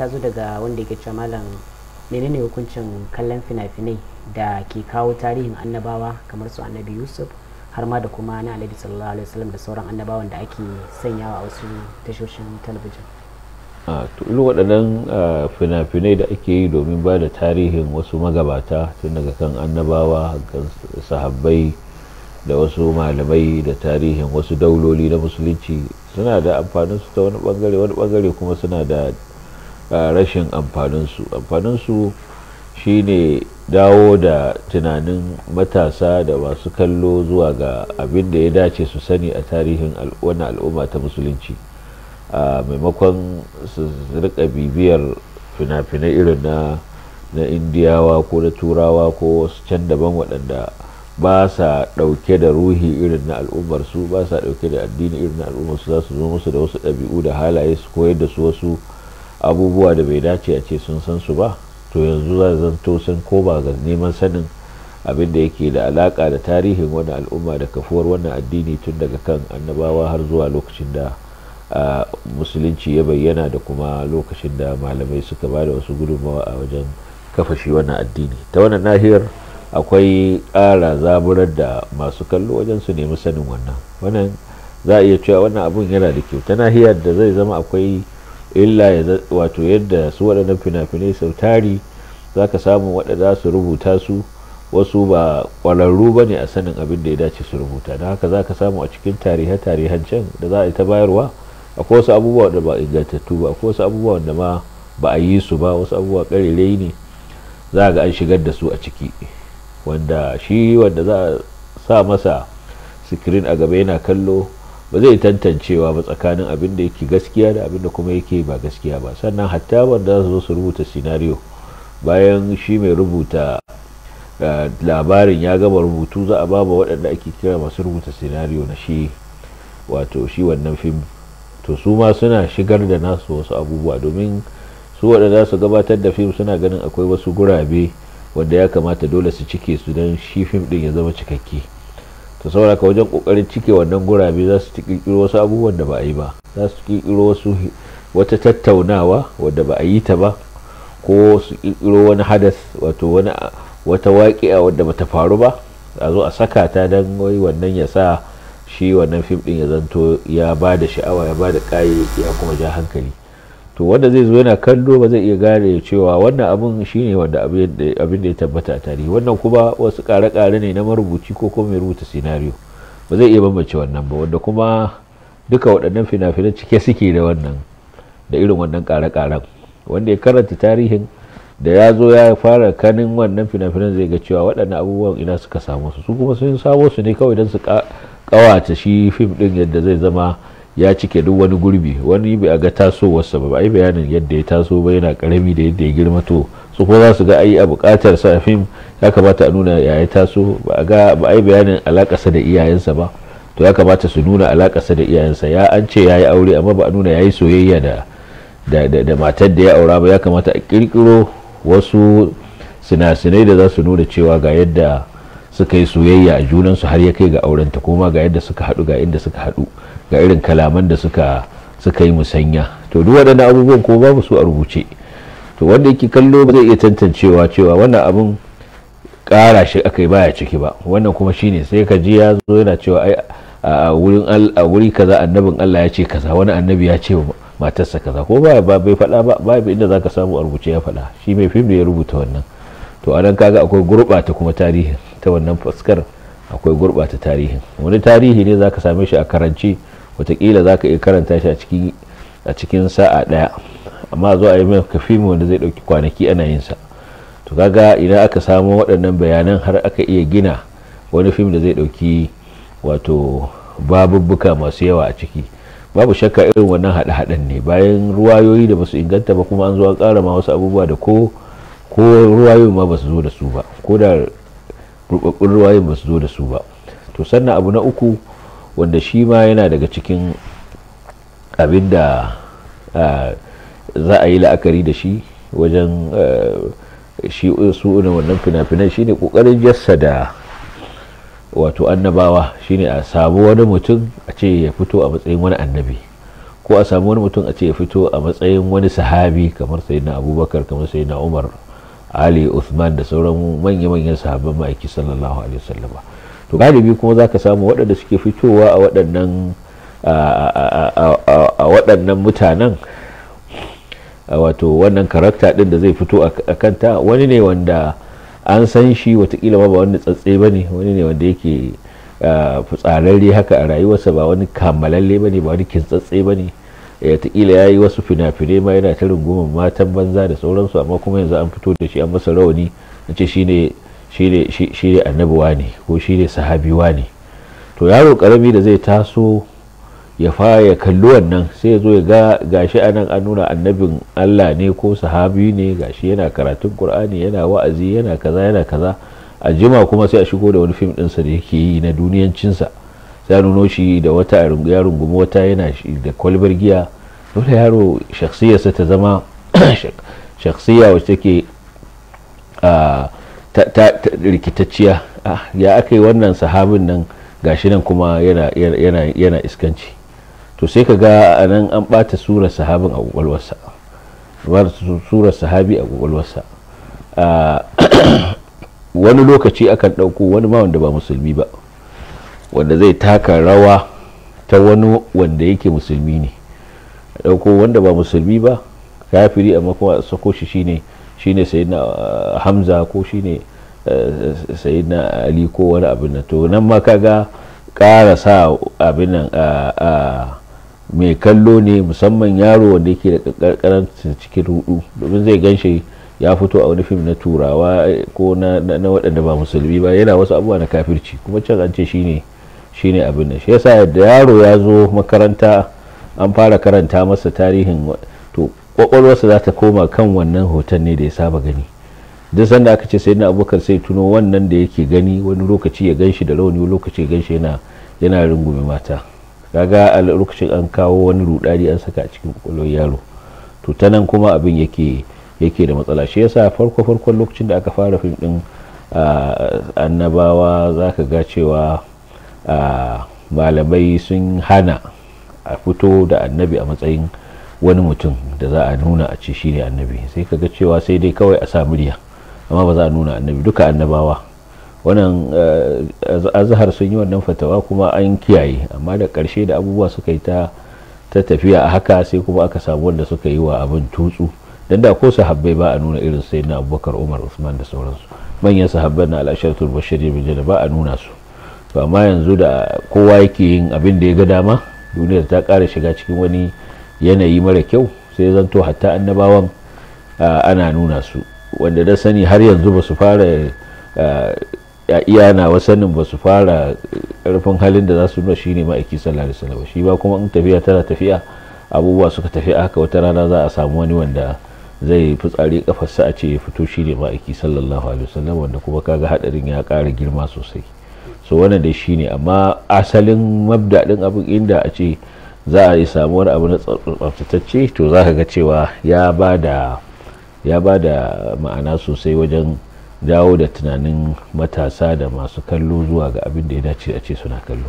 ta zo daga wanda yake cewa malam menene hukuncin kallon fina-finai da ke kawo tarihin annabawa kamar su annabi yusuf har ma da kuma na annabi sallallahu alaihi wasallam da sauran annabawan da ake sanyawa a wasu tashoshin talabijin to waɗannan fina-finai da ake yi domin ba da tarihin wasu magabata tun daga kan annabawa kan sahabbai da wasu malamai da tarihin wasu dauloli na musulunci suna da amfanin su ta wani bangare wani bangare kuma suna da rashin amfaninsu amfaninsu shine dawo da tunanin matasa da masu kallo zuwa ga abin da ya dace su sani a tarihin wannan al'umma ta musulunci a maimakon su rika bibiyar fina-finai irin na na indiyawa ko na turawa ko wasu can daban waɗanda ba sa ɗauke da ruhi irin na al'ummarsu ba sa ɗauke da addini irin na al'ummarsu za su zo musu da wasu ɗabi'u da halaye su koyar da su wasu abubuwa da bai dace a ce sun san su ba to yanzu za zanto sun ba ga neman sanin abin da yake da alaka da tarihin wani al'umma da kafuwar wannan addini tun daga kan annabawa har zuwa lokacin da musulunci ya bayyana da kuma lokacin da malamai suka ba da wasu gudunmawa a wajen kafa shi wannan addini ta wannan nahiyar akwai ƙara zaburar da masu kallo wajen su nemi sanin wannan wannan za a iya cewa wannan abun yana da kyau ta nahiyar da zai zama akwai illa wato yadda su waɗannan fina-finai sau tari za ka samu waɗanda su rubuta su wasu ba ƙwararru ba ne a sanin abin da ya dace su rubuta don haka za ka samu a cikin tarihe-tarihen can da za a yi ta bayarwa a wasu abubuwa da ba ingantattu ba a wasu abubuwa da ma ba a yi su ba wasu abubuwa ƙarirai ne za ga an shigar da su a ciki wanda shi wanda za a sa masa sikirin a gaba yana kallo ba zai tantancewa ba tsakanin abin da yake gaskiya da abin da kuma yake ba gaskiya ba sannan hatta wanda za su zo su rubuta sinariyo bayan shi mai rubuta eh, labarin ya gama rubutu za a ba waɗanda ake kira masu rubuta sinariyo na shi wato shi wannan fim to su ma suna shigar da nasu wasu abubuwa domin su waɗanda su gabatar da fim suna ganin akwai wasu gurabe wanda ya kamata dole su cike su don shi fim ɗin ya zama cikakke to saboda wajen kokarin cike wannan gurabe za su kirkiro wasu abubuwan da ba a yi ba za su kirkiro wasu wata tattaunawa wadda ba a yi ta ba ko su kirkiro wani hadas wato wani wata waƙiya wadda bata faru ba a zo a saka ta don wai wannan ya sa shi wannan fim din ya zanto ya ba da sha'awa ya ba da kayayyaki ya kuma ja hankali to wanda zai zo yana kallo ba zai iya gane cewa wannan abin shine wanda abin da ya tabbata a tarihi wannan kuma wasu kare-kare ne na marubuci ko kuma mai rubuta sinariyo ba zai iya bambance wannan ba wanda kuma duka waɗannan fina-finan cike suke da wannan da irin wannan kare-karen wanda ya karanta tarihin da ya zo ya fara kanin wannan fina-finan zai ga cewa waɗannan abubuwan ina suka samu su su kuma sun samo su ne kawai don su ƙawata shi fim ɗin yadda zai zama ya cike duk wani gurbi wani bai ga tasowarsa ba ai bayanin yadda ya taso ba yana karami da yadda ya girma to ko za su ga ai a bukatar sa fim ya kamata a nuna ya ya taso ba a ga ba ai bayanin alakasa da iyayensa ba to ya kamata su nuna alakasa da iyayensa ya an ce ya yi aure amma ba a nuna ya yi soyayya da da matar da ya aura ba ya kamata a kirkiro wasu sinasinai da za su nuna cewa ga yadda suka yi soyayya a junansu har ya kai ga aurenta kuma ga yadda suka haɗu ga inda suka haɗu ga irin kalaman da suka suka yi musanya to duk waɗannan abubuwan ko babu su a rubuce to wanda yake kallo ba zai iya tantancewa cewa wannan abun ƙara shi aka baya ciki ba wannan kuma shine sai ka ji ya zo yana cewa ai a wurin a wuri kaza annabin Allah ya ce kaza wani annabi ya ce matarsa kaza ko ba bai faɗa ba babu inda zaka samu a rubuce ya faɗa shi mai fim ya rubuta wannan to anan kaga akwai gurɓata kuma tarihin ta wannan fuskar akwai gurɓata tarihin wani tarihi ne zaka same shi a karanci watakila za ka iya karanta shi a cikin sa'a daya amma zuwa a yi mai fim wanda zai dauki kwanaki ana yin sa to kaga idan aka samo waɗannan bayanan har aka iya gina wani fim da zai dauki wato babubbuka masu yawa a ciki babu shakka irin wannan haɗe-haɗen ne bayan ruwayoyi da basu inganta ba kuma an zo an ƙara ma wasu abubuwa da ko ko ruwayoyin ma basu zo da su ba ko da rubabbun ruwayoyin basu zo da su ba to sannan abu na uku wanda shi ma yana daga cikin abin da za a yi la'akari da shi wajen shi su na wannan fina-finan shine kokarin jassada wato annabawa shine a samu wani mutum a ce ya fito a matsayin wani annabi ko a samu wani mutum a ce ya fito a matsayin wani sahabi kamar sai na abubakar kamar sai na umar ali usman da sauran manya-manyan sahabban ma'aiki sallallahu alaihi wasallama to galibi kuma za ka samu waɗanda suke fitowa a waɗannan a mutanen wato wannan karakta ɗin da zai fito a kanta wani ne wanda an san shi watakila ba wani tsatse ba ne wani ne wanda yake fitsararre haka a rayuwarsa ba wani kammalalle ba ne ba wani kintsatse ba ne eh, watakila ya yi wasu fina-finai ma yana ta rungumar matan banza da sauransu amma kuma yanzu an fito da shi an masa rawani na ce shine ne shi ne annabuwa ne ko shi ne sahabiwa ne to yaro karami da zai taso ya fara ya kalli wannan sai ya zo ya ga gashi nan an nuna annabin allah ne ko sahabi ne gashi yana karatun qur'ani yana wa'azi yana kaza yana kaza a jima kuma sai a shigo da wani fim ɗinsa da yake yi na duniyancinsa sai nuno shi da wata ya rungumi wata yana da kwalbar giya dole yaro shaksiyarsa ta zama shaksiya wacce take ah, ta rikitacciya ah, ya aka yi wannan sahabin nan gashi nan kuma yana iskanci to sai ka ga a nan an bata surar sahabin a ƙwaƙwalwarsa surar sahabi a kwakwalwarsa ah, wani lokaci akan ɗauko wani ma wanda ba musulmi ba wanda zai taka rawa ta wani wanda yake musulmi ne ɗauko wanda ba musulmi ba kafiri amma kuma a sako shi shine ne shine sayyidina uh, hamza ko shine uh, sayyidina ali ko wani abin nan to nan ma kaga ƙara sa abin nan a uh, mai kallo ne musamman yaro wanda yake da karkarar cikin huɗu domin zai ganshi ya fito a wani fim na turawa eh, ko na waɗanda ba musulmi ba yana wasu abubuwa na kafirci kuma can an ce shine shine abin da shi yasa yadda yaro ya zo makaranta an fara karanta masa tarihin kwakwalwarsa za ta koma kan wannan hoton ne da ya saba gani duk sanda aka ce sai na abubakar sai tuno wannan da yake gani wani lokaci ya ganshi da rauni lokaci ya ganshi yana yana rungume mata kaga a lokacin an kawo wani rudari an saka a cikin kwakwalwar yaro to ta nan kuma abin yake yake da matsala shi yasa farko farkon lokacin da aka fara fim din annabawa za ka ga cewa malamai sun hana a fito da annabi a matsayin wani mutum da za a nuna a ce shine annabi sai ka ga cewa sai dai kawai a sa murya amma ba za a nuna annabi duka annabawa wannan eh, azahar sun yi wannan fatawa kuma an kiyaye amma da ƙarshe da abubuwa suka yi ta ta tafiya a haka sai kuma aka samu wanda suka yi wa abin tutsu dan da ko sahabbai ba a nuna irin sai na abubakar umar usman da sauransu manyan sahabban na al'asharatul bashir bil ba a nuna su to amma yanzu da kowa yake yin abin da ya ga dama duniyar ta kara shiga cikin wani yanayi mara kyau sai zanto hatta annabawan ana nuna su wanda da sani har yanzu ba su fara ya iya na sanin ba su fara karfin halin da za su nuna ne ma'aiki sallallahu alaihi shi ba kuma in tafiya tana tafiya abubuwa suka tafi haka wata rana za a samu wani wanda zai fitsari kafarsa a ce ya fito ne ma'aiki sallallahu alaihi wasallam wanda kuma kaga hadarin ya kara girma sosai so wannan dai ne amma asalin mabda din abin inda a ce za a yi samuwar abu na tsaftatacce to za ka ga cewa ya ba da ya ba da ma'ana sosai wajen dawo da tunanin matasa da masu kallo zuwa ga abin da ya dace a ce suna kallo.